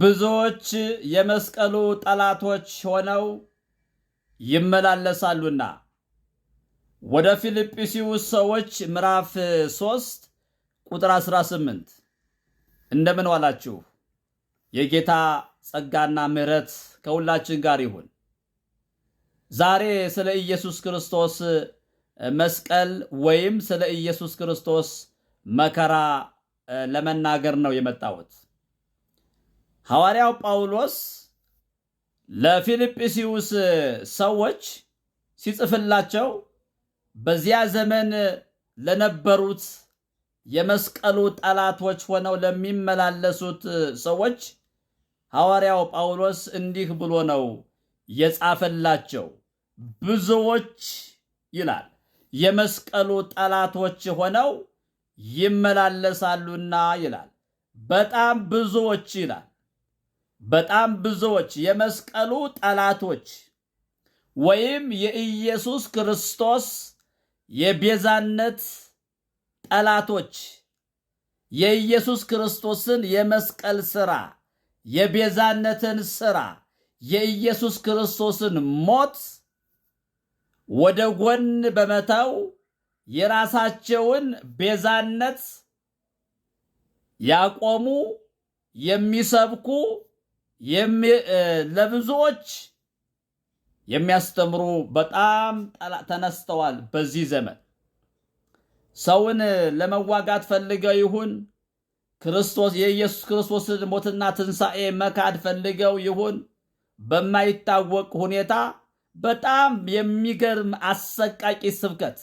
ብዙዎች የመስቀሉ ጠላቶች ሆነው ይመላለሳሉና። ወደ ፊልጵስዩስ ሰዎች ምዕራፍ 3 ቁጥር 18 እንደምን ዋላችሁ? የጌታ ጸጋና ምሕረት ከሁላችን ጋር ይሁን። ዛሬ ስለ ኢየሱስ ክርስቶስ መስቀል ወይም ስለ ኢየሱስ ክርስቶስ መከራ ለመናገር ነው የመጣሁት። ሐዋርያው ጳውሎስ ለፊልጵስዩስ ሰዎች ሲጽፍላቸው በዚያ ዘመን ለነበሩት የመስቀሉ ጠላቶች ሆነው ለሚመላለሱት ሰዎች ሐዋርያው ጳውሎስ እንዲህ ብሎ ነው የጻፈላቸው። ብዙዎች ይላል የመስቀሉ ጠላቶች ሆነው ይመላለሳሉና ይላል። በጣም ብዙዎች ይላል በጣም ብዙዎች የመስቀሉ ጠላቶች ወይም የኢየሱስ ክርስቶስ የቤዛነት ጠላቶች የኢየሱስ ክርስቶስን የመስቀል ሥራ፣ የቤዛነትን ሥራ፣ የኢየሱስ ክርስቶስን ሞት ወደ ጎን በመተው የራሳቸውን ቤዛነት ያቆሙ የሚሰብኩ ለብዙዎች የሚያስተምሩ በጣም ተነስተዋል። በዚህ ዘመን ሰውን ለመዋጋት ፈልገው ይሁን ክርስቶስ የኢየሱስ ክርስቶስን ሞትና ትንሣኤ መካድ ፈልገው ይሁን በማይታወቅ ሁኔታ በጣም የሚገርም አሰቃቂ ስብከት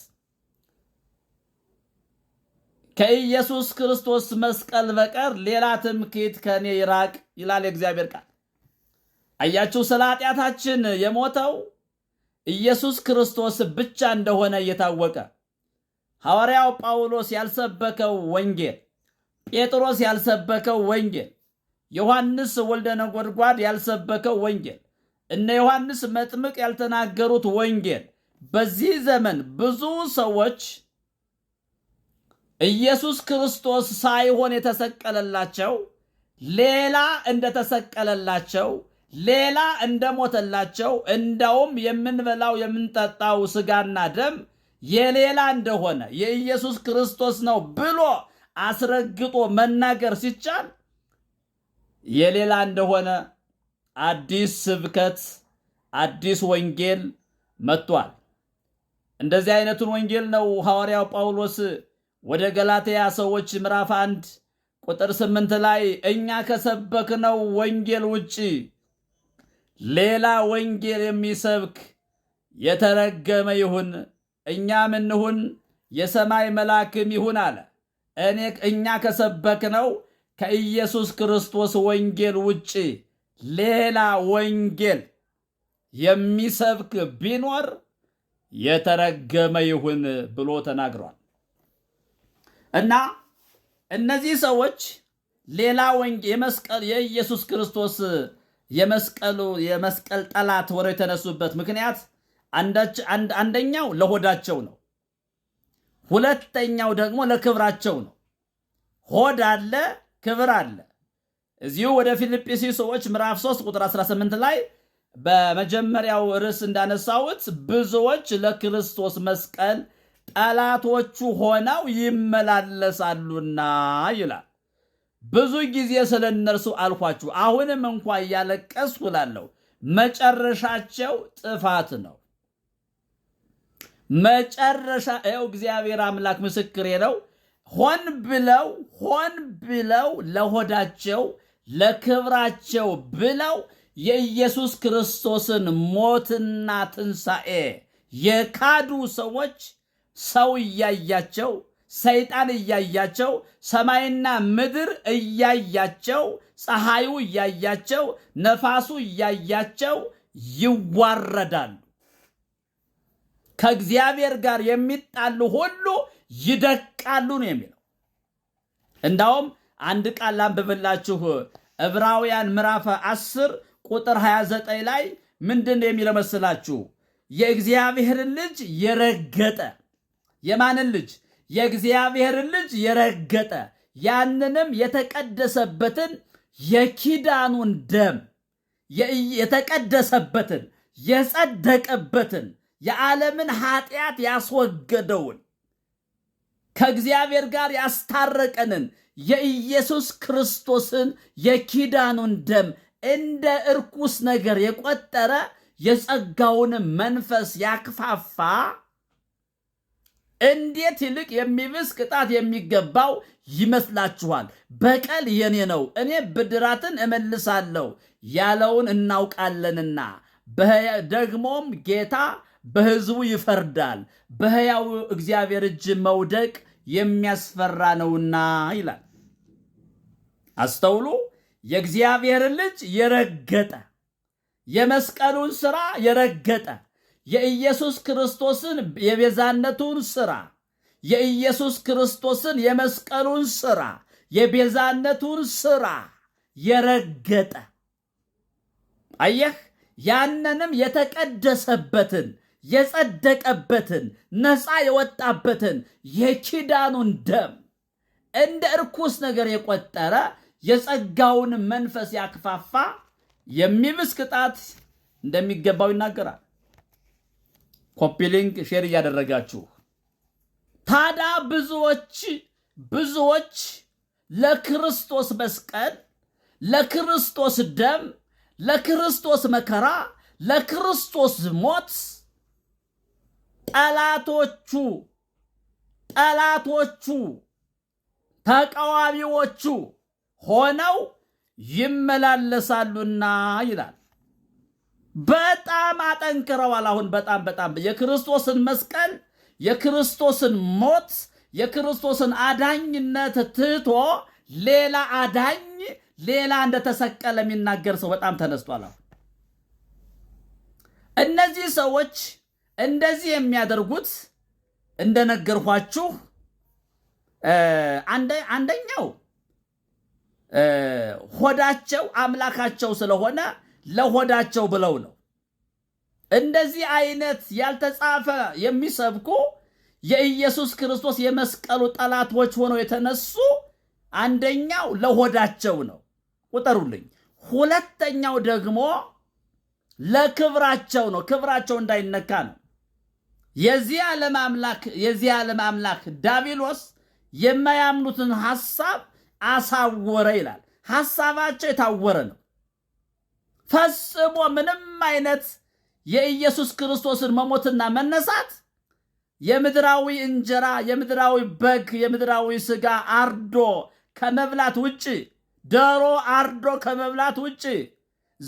ከኢየሱስ ክርስቶስ መስቀል በቀር ሌላ ትምክህት ከኔ ይራቅ ይላል የእግዚአብሔር ቃል። አያችሁ፣ ስለ ኃጢአታችን የሞተው ኢየሱስ ክርስቶስ ብቻ እንደሆነ እየታወቀ ሐዋርያው ጳውሎስ ያልሰበከው ወንጌል፣ ጴጥሮስ ያልሰበከው ወንጌል፣ ዮሐንስ ወልደ ነጎድጓድ ያልሰበከው ወንጌል፣ እነ ዮሐንስ መጥምቅ ያልተናገሩት ወንጌል በዚህ ዘመን ብዙ ሰዎች ኢየሱስ ክርስቶስ ሳይሆን የተሰቀለላቸው ሌላ እንደተሰቀለላቸው ሌላ እንደሞተላቸው እንደውም የምንበላው የምንጠጣው ስጋና ደም የሌላ እንደሆነ የኢየሱስ ክርስቶስ ነው ብሎ አስረግጦ መናገር ሲቻል የሌላ እንደሆነ አዲስ ስብከት አዲስ ወንጌል መጥቷል። እንደዚህ አይነቱን ወንጌል ነው ሐዋርያው ጳውሎስ ወደ ገላትያ ሰዎች ምዕራፍ አንድ ቁጥር ስምንት ላይ እኛ ከሰበክነው ወንጌል ውጪ ሌላ ወንጌል የሚሰብክ የተረገመ ይሁን፣ እኛም እንሁን የሰማይ መልአክም ይሁን አለ። እኔ እኛ ከሰበክነው ከኢየሱስ ክርስቶስ ወንጌል ውጪ ሌላ ወንጌል የሚሰብክ ቢኖር የተረገመ ይሁን ብሎ ተናግሯል። እና እነዚህ ሰዎች ሌላ ወንጌ የመስቀል የኢየሱስ ክርስቶስ የመስቀሉ የመስቀል ጠላት ወረ የተነሱበት ምክንያት አንደኛው ለሆዳቸው ነው። ሁለተኛው ደግሞ ለክብራቸው ነው። ሆድ አለ፣ ክብር አለ። እዚሁ ወደ ፊልጵስዩስ ሰዎች ምዕራፍ 3 ቁጥር 18 ላይ በመጀመሪያው ርዕስ እንዳነሳሁት ብዙዎች ለክርስቶስ መስቀል ጠላቶቹ ሆነው ይመላለሳሉና ይላል። ብዙ ጊዜ ስለ እነርሱ አልኳችሁ፣ አሁንም እንኳ እያለቀስኩ እላለሁ። መጨረሻቸው ጥፋት ነው። መጨረሻ ው እግዚአብሔር አምላክ ምስክሬ ነው። ሆን ብለው ሆን ብለው ለሆዳቸው ለክብራቸው ብለው የኢየሱስ ክርስቶስን ሞትና ትንሣኤ የካዱ ሰዎች ሰው እያያቸው ሰይጣን እያያቸው ሰማይና ምድር እያያቸው ፀሐዩ እያያቸው ነፋሱ እያያቸው ይዋረዳሉ። ከእግዚአብሔር ጋር የሚጣሉ ሁሉ ይደቃሉ ነው የሚለው። እንዳውም አንድ ቃል ላንብብላችሁ። ዕብራውያን ምዕራፍ 10 ቁጥር 29 ላይ ምንድን ነው የሚለው መስላችሁ? የእግዚአብሔርን ልጅ የረገጠ የማንን ልጅ? የእግዚአብሔርን ልጅ የረገጠ ያንንም የተቀደሰበትን የኪዳኑን ደም የተቀደሰበትን የጸደቀበትን የዓለምን ኃጢአት ያስወገደውን ከእግዚአብሔር ጋር ያስታረቀንን የኢየሱስ ክርስቶስን የኪዳኑን ደም እንደ እርኩስ ነገር የቆጠረ የጸጋውን መንፈስ ያክፋፋ እንዴት ይልቅ የሚብስ ቅጣት የሚገባው ይመስላችኋል? በቀል የኔ ነው፣ እኔ ብድራትን እመልሳለሁ ያለውን እናውቃለንና ደግሞም ጌታ በሕዝቡ ይፈርዳል። በሕያው እግዚአብሔር እጅ መውደቅ የሚያስፈራ ነውና ይላል። አስተውሉ። የእግዚአብሔርን ልጅ የረገጠ የመስቀሉን ሥራ የረገጠ የኢየሱስ ክርስቶስን የቤዛነቱን ሥራ የኢየሱስ ክርስቶስን የመስቀሉን ሥራ የቤዛነቱን ሥራ የረገጠ አየህ፣ ያንንም የተቀደሰበትን የጸደቀበትን ነፃ የወጣበትን የኪዳኑን ደም እንደ እርኩስ ነገር የቆጠረ የጸጋውን መንፈስ ያክፋፋ የሚብስ ቅጣት እንደሚገባው ይናገራል። ኮፒ ሊንክ ሼር እያደረጋችሁ ታዲያ ብዙዎች ብዙዎች ለክርስቶስ መስቀል፣ ለክርስቶስ ደም፣ ለክርስቶስ መከራ፣ ለክርስቶስ ሞት ጠላቶቹ ጠላቶቹ ተቃዋሚዎቹ ሆነው ይመላለሳሉና ይላል። በጣም አጠንክረዋል። አሁን በጣም በጣም የክርስቶስን መስቀል፣ የክርስቶስን ሞት፣ የክርስቶስን አዳኝነት ትቶ ሌላ አዳኝ ሌላ እንደተሰቀለ የሚናገር ሰው በጣም ተነስቷል። አሁን እነዚህ ሰዎች እንደዚህ የሚያደርጉት እንደነገርኳችሁ አንደኛው ሆዳቸው አምላካቸው ስለሆነ ለሆዳቸው ብለው ነው። እንደዚህ አይነት ያልተጻፈ የሚሰብኩ የኢየሱስ ክርስቶስ የመስቀሉ ጠላቶች ሆነው የተነሱ አንደኛው ለሆዳቸው ነው፣ ቁጠሩልኝ። ሁለተኛው ደግሞ ለክብራቸው ነው፣ ክብራቸው እንዳይነካ ነው። የዚህ ዓለም አምላክ የዚህ ዓለም አምላክ ዳቢሎስ የማያምኑትን ሐሳብ አሳወረ ይላል። ሐሳባቸው የታወረ ነው። ፈጽሞ ምንም አይነት የኢየሱስ ክርስቶስን መሞትና መነሳት የምድራዊ እንጀራ፣ የምድራዊ በግ፣ የምድራዊ ስጋ አርዶ ከመብላት ውጭ፣ ዶሮ አርዶ ከመብላት ውጭ፣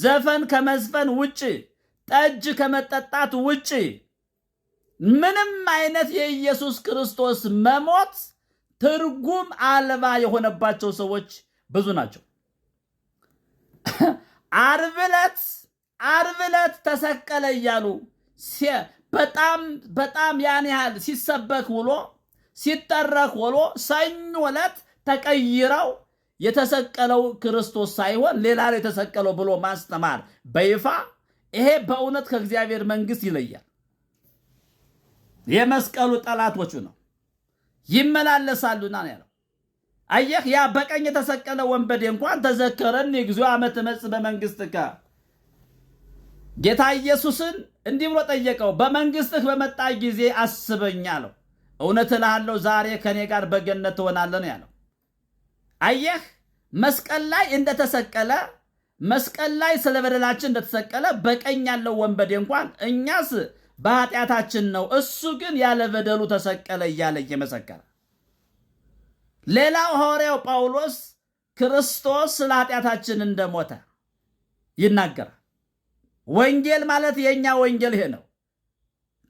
ዘፈን ከመዝፈን ውጭ፣ ጠጅ ከመጠጣት ውጭ ምንም አይነት የኢየሱስ ክርስቶስ መሞት ትርጉም አልባ የሆነባቸው ሰዎች ብዙ ናቸው። አርብ ዕለት አርብ ዕለት ተሰቀለ እያሉ በጣም በጣም ያን ያህል ሲሰበክ ውሎ ሲጠረክ ውሎ ሰኞ ዕለት ተቀይረው የተሰቀለው ክርስቶስ ሳይሆን ሌላ ነው የተሰቀለው ብሎ ማስተማር በይፋ ይሄ በእውነት ከእግዚአብሔር መንግሥት ይለያል። የመስቀሉ ጠላቶቹ ነው ይመላለሳሉና ነው ያለው። አየህ ያ በቀኝ የተሰቀለ ወንበዴ እንኳን ተዘከረን እግዚኦ አመ ትመጽእ በመንግሥትከ ጌታ ኢየሱስን እንዲህ ብሎ ጠየቀው። በመንግስትህ በመጣ ጊዜ አስበኝ አለው። እውነት እልሃለሁ ዛሬ ከእኔ ጋር በገነት ትሆናለህ ነው ያለው። አየህ መስቀል ላይ እንደተሰቀለ መስቀል ላይ ስለ በደላችን እንደተሰቀለ በቀኝ ያለው ወንበዴ እንኳን እኛስ በኃጢአታችን ነው፣ እሱ ግን ያለ በደሉ ተሰቀለ እያለ እየመሰከረ ሌላው ሐዋርያው ጳውሎስ ክርስቶስ ስለ ኃጢአታችን እንደሞተ ይናገራል። ወንጌል ማለት የእኛ ወንጌል ይሄ ነው።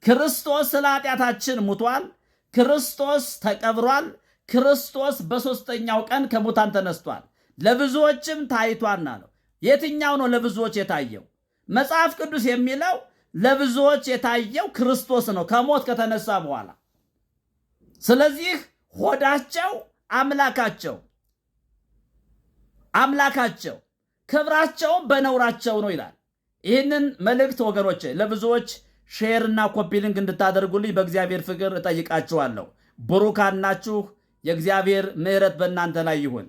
ክርስቶስ ስለ ኃጢአታችን ሙቷል። ክርስቶስ ተቀብሯል። ክርስቶስ በሦስተኛው ቀን ከሙታን ተነስቷል፣ ለብዙዎችም ታይቷልና ነው። የትኛው ነው ለብዙዎች የታየው? መጽሐፍ ቅዱስ የሚለው ለብዙዎች የታየው ክርስቶስ ነው ከሞት ከተነሳ በኋላ። ስለዚህ ሆዳቸው አምላካቸው አምላካቸው ክብራቸውም በነውራቸው ነው ይላል። ይህንን መልእክት ወገኖች ለብዙዎች ሼርና ኮፒሊንግ እንድታደርጉልኝ በእግዚአብሔር ፍቅር እጠይቃችኋለሁ። ብሩካናችሁ የእግዚአብሔር ምሕረት በእናንተ ላይ ይሁን።